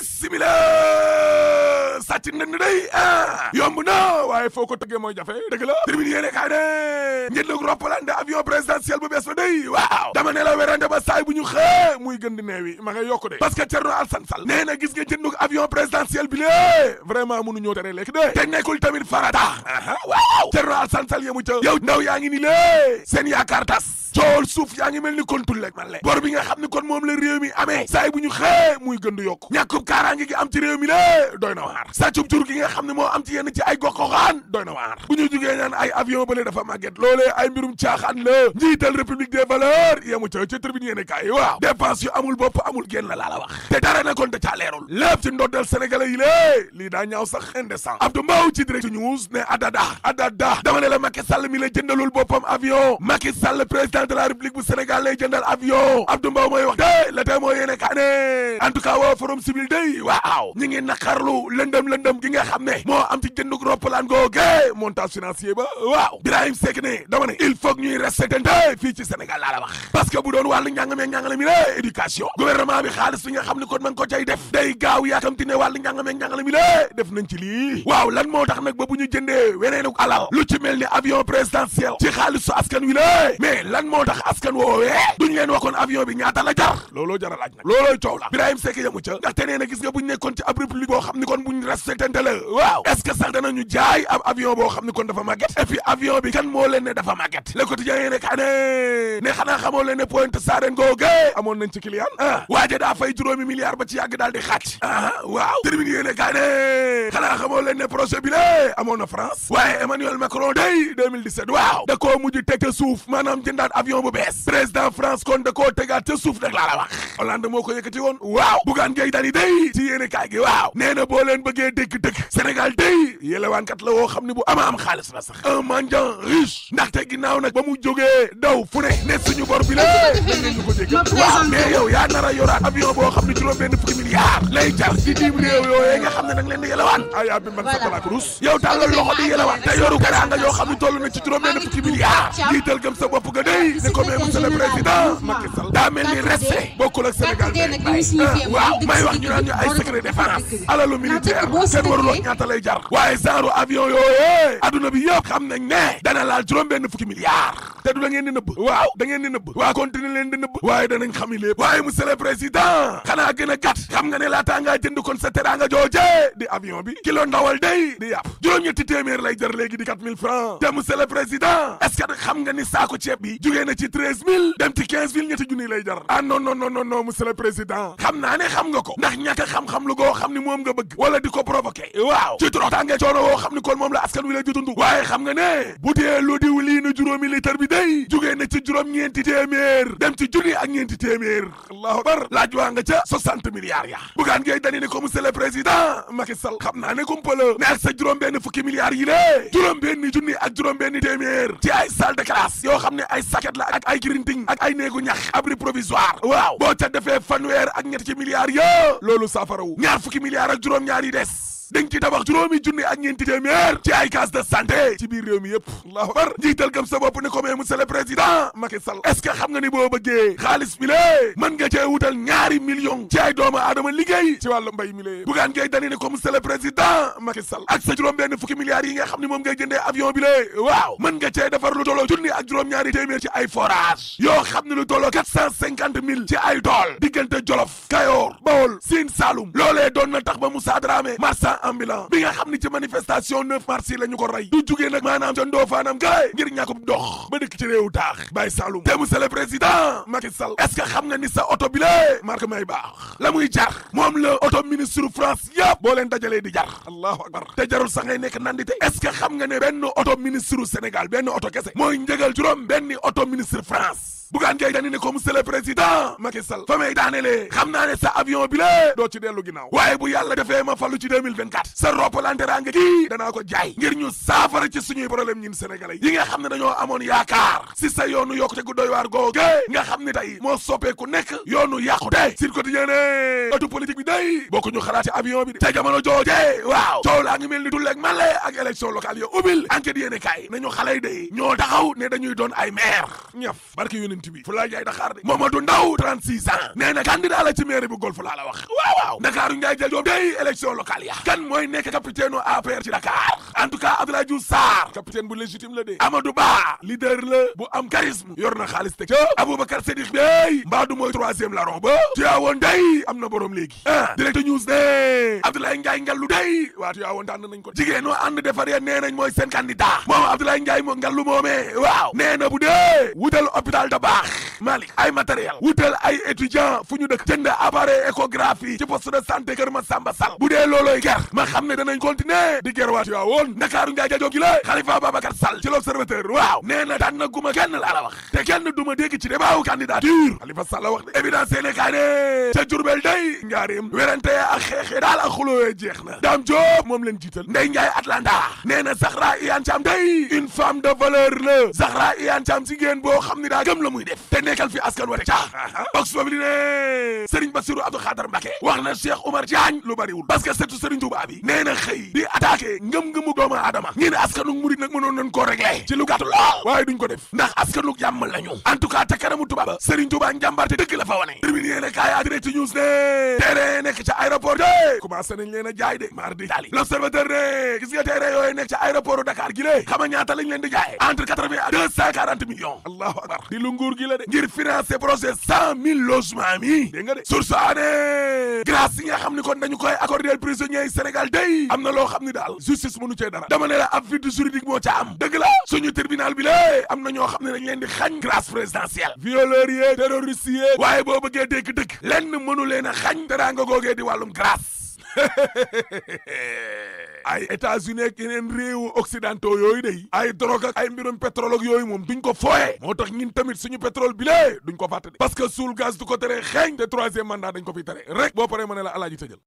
bismillah sàcc ndënd day ah. yomb na waaye foo ko tëggee mooy jafe dëgg la tribune yéene kaay ne ngeen lëg roppalaan de avion présidentiel bu bees ba day waaw dama ne la werante ba saay bu ñu xëe muy gën di neewi ma ngay yokku de parce que Thierno Alassane Sall nee na gis nga jëndug avion présidentiel bi lée vraiment mënu ñoo tere lekk de te nekkul tamit farata waaw Thierno Alassane Sall yemu ca ndaw yaa ngi ni lée seen yaakaar jool suuf yaa ngi mel ni kon lek man le bor bi nga xam ne kon moom la réew mi amee saay bu ñu xëe muy gën di yokku ñàkkub kaaraange gi am ci réew mi lé doy na waar sàccub jur gi nga xam ne moo am ci yenn ci ay gox-goxaan doy na waar bu ñu jugee naan ay avion bale dafa màgget loolee ay mbirum caaxaan la njiital république des valeurs yemu ca ca tribune yéene kaay waaw dépense yu amul bopp amul génn la laa la wax te dara na kon da caa leerul lépp ci ndoddal sénégalais yi lée lii daa ñaaw sax indécent Abdou Mbaw ci direct news ne adada adada dama ne la Macky Sall mi président de la république bu Sénégal lay jëndal avion Abdou Mbow mooy wax la tey moo yéene kaa ne en tout cas waa forum civil day waaw ñi ngi naqarlu lëndëm lëndëm gi nga xam ne moo am ci jëndug roppalaan googe montage financier ba waaw Birahim Seck ne dama ne il faut que ñuy respecté fii ci Sénégal laa la wax parce que bu doon wàllu njàng meeg mi la éducation gouvernement bi xaalis bi nga xam ne kon ma ko cay def day gaaw yaakamti ne wàllu njàng meeg mi la def nañ ci moo tax askan woowee duñ leen waxoon avion bi ñaata la jar looloo jar a laaj nag loolooy coow la Birahim Seck yamu ca ndaxte nee na gis nga buñ nekkoon ci ab république boo xam ni kon buñ respectante la waaw est ce que sax jaay ab avion boo xam ni kon dafa màgget et avion bi kan moo leen ne dafa màgget le quotidien yéene ka ne xanaa xamoo leen ne Pointe Sarène googe amoon nañ ci client ah waaje daa fay juróomi milliards ba ah, waaw termine yéene ka ne da koo mujj teg suuf maanaam avion bu bes président France kon da ko tegal te souf nag la la wax Hollande moko yekati won waw waaw Bougane dani dey ci yene kay gi waw neena bo len beugé deug deug dëgg dey yelewan kat la wo xamni bu ama am xaalis la sax un mendiant riche ndax te ginaaw nak mu jógee daw fune ne suñu bor bi la ñu ko dégg waaw mais yow yaa nar a avion bo xamni ne juróom benn fukki milliard lay jar ci dim rew yo nga xamni nak len di yelewan ay abi man sa la cruz yow tàllal loxo di yelewan te yoru garaanga yoo xam ne toll na ci juróom ben fukki milliard jiital gëm sa bop ga dey tey ne ko mais monsieur le président Macky Sall daa mel waaw may wax ñu naan ay secret défense alalu militaire seen waruloo ñaata lay jar waaye genre avion yooyu adduna bi yëpp xam nañ ne dana laal juróom benn fukki milliards te du da ngeen di nëbb waaw da ngeen di nëbb waaw continuer leen di nëbb waaye danañ xam lépp waaye monsieur le président xanaa gën a gàtt xam nga ne laataa ngaa jënd kon sa jooje di avion bi kilo ndawal day di yàpp juróom-ñetti téeméer lay jógee na ci treize mille dem ci quinze mille ñetti junni lay jar ah non non non non non monsieur le nga ko ndax ñàkk xam-xam lu goo xam ni moom nga bëgg wala di ko provoqué waaw ci toroxtaange coono woo xam ni kon moom la askan wi lay di dund waaye xam nga ne bu dee lu diw lii na juróomi litre bi day jógee na ci juróom-ñeenti téeméer dem ci junni ak ñeenti téeméer allahu akbar laaj waa nga ca ak sa juróom benn fukki ci ay salle de classe yoo xam ne ay sac maquette la ak ay grinding ak ay néegu ñax abri provisoire waaw boo ca defee fanweer ak ñett ci milliards yo loolu saafarawu ñaar fukki milliards ak juróom-ñaar yi des dañ ci tabax juróomi junni ak ñeenti téeméer ci ay case de santé ci biir réew mi yëpp allahu akbar njiital gëm sa bopp ne ko mais monsieur le président Macky Sall est ce que xam nga ni boo bëggee xaalis bi lee mën nga cee wutal ñaari million ci ay doomu aadama liggéey ci wàllu mbay mi lee bugaan ngay dani ne ko monsieur le président Macky Sall ak sa juróom benn fukki milliards yi nga xam ne moom ngay jëndee avion bi lee waaw mën nga cee defar lu tolloo junni ak juróom ñaari téeméer ci ay forage yoo xam ne lu tolloo quatre cent cinquante mille ci ay tool diggante Jolof Kayo bawol siin saalum loolee doon na tax ba Moussa Dramé marchand ambulant bi nga xam ni ci manifestation 9 mars yi la ñu ko rey du jugee nag maanaam ca ndoofaanam gaay ngir ñàkkub dox ba dëkk ci réewu taax bàyyi saalum te monsieur le président Macky Sall xam nga ni sa oto bi lee may baax la muy jar moom la oto ministre France yëpp boo dajalee di jar allahu akbar te jarul sax ngay nekk nandite est xam nga ne benn oto ministre Sénégal benn oto kese mooy njëgal bi lée doo ci dellu ginnaaw waaye bu yàlla defee ma fallu ci 2024 sa roppalanteraa nga kii danaa ko jaay ngir ñu saafara ci suñuy problème ñun sénégalais yi nga xam ne dañoo amoon yaakaar si sa yoonu yokkute gu doy waar googe nga xam ne tey moo soppeeku nekk yoonu yàqute sur quotidien ne atu politique bi day bokku ñu xalaat ci avion bi te jamono jooje waaw coow ngi mel ni dulleeg male ak élection locale yo ubbil enquête yéene kaay nañu xale yi day ñoo la wax waaw waaw ndakaaru njaay jël joom day élection locale ya kan mooy nekk capitaine APR ci Dakar en tout cas Abdoulaye Diouf sar capitaine bu légitime la de Amadou Ba leader la bu am charisme yor na xaalis teg ca Aboubacar Séddiq day mbaa du mooy troisième larron ba Tiwaawoon day am na borom léegi ah, direct news ne Abdoulaye ngay ngallu day wa Tiwaawoon tan nañ ko no and defar ya nee nañ mooy sen candidat mom Abdoulaye ngay mo ngallu momé waaw nee na bu dee wutal hôpital de bax malik ay matériel wutal ay étudiant fuñu dëkk jënd appareil éco échographie ci poste de santé kër ma sàmba sall bu dee loolooy ger ma xam ne danañ continuer di ger waat yaa woon ndakaaru njaay jajoo gi la xalifa babacar sall ci l'observateur waaw nee na na guma kenn laa la wax te kenn du ma dégg ci débaawu candidature xalifa sall wax de évidence yéene kaay ne ca jurbel day ngaarim werante ak xeexee daal ak xulowee jeex na daam joob moom leen jiital ndey njaay atlanta nee na zahra iyane thiam day une femme de valeur la zahra iyane a si ngeen boo xam ni daa gëm la muy def te nekkal fi askan wa te caa box boobu li Badar Mbacke wax na Cheikh Oumar Diagne lu bariwul parce que surtout Serigne Touba xëy di attaqué ngëm-ngëmu doomu aadama ñi ne askanu murit nag mënoon nañ koo réglé ci lu gàtt lool waaye def ndax askanu jàmm lañu en tout cas te kanamu Touba ba Serigne Touba njàmbaarte dëgg la fa wane tribune yéen a direct news ne teere nekk ca aéroport de commencé nañ leen a jaay de mardi dali l'observateur ne gis nga teere yooyu nekk ca aéroport Dakar gi lée xama ñaata lañ leen di jaay grâce yi nga xam ni kon dañu koy accorder prisonniers yi Sénégal day am na loo xam ni daal justice mënu cee dara dama ne la ab vide juridique moo ca am dëgg la suñu tribunal bi lée am na ñoo xam ne dañ leen di xañ grâce présidentielle violeurs yee terroristes yee waaye boo bëggee dégg dëgg lenn mënu leen a xañ dara nga googee di wàllum grâce ay États-Unis ak yeneen réewu occidentaux yooyu day ay drogue ay mbirum pétrole yooyu moom duñ ko fooye moo tax ñun tamit suñu pétrole bi duñ ko fàtte de parce suul gaz du ko tere xeeñ te troisième mandat dañ ko fiy tere rek boo paree ma ne la jël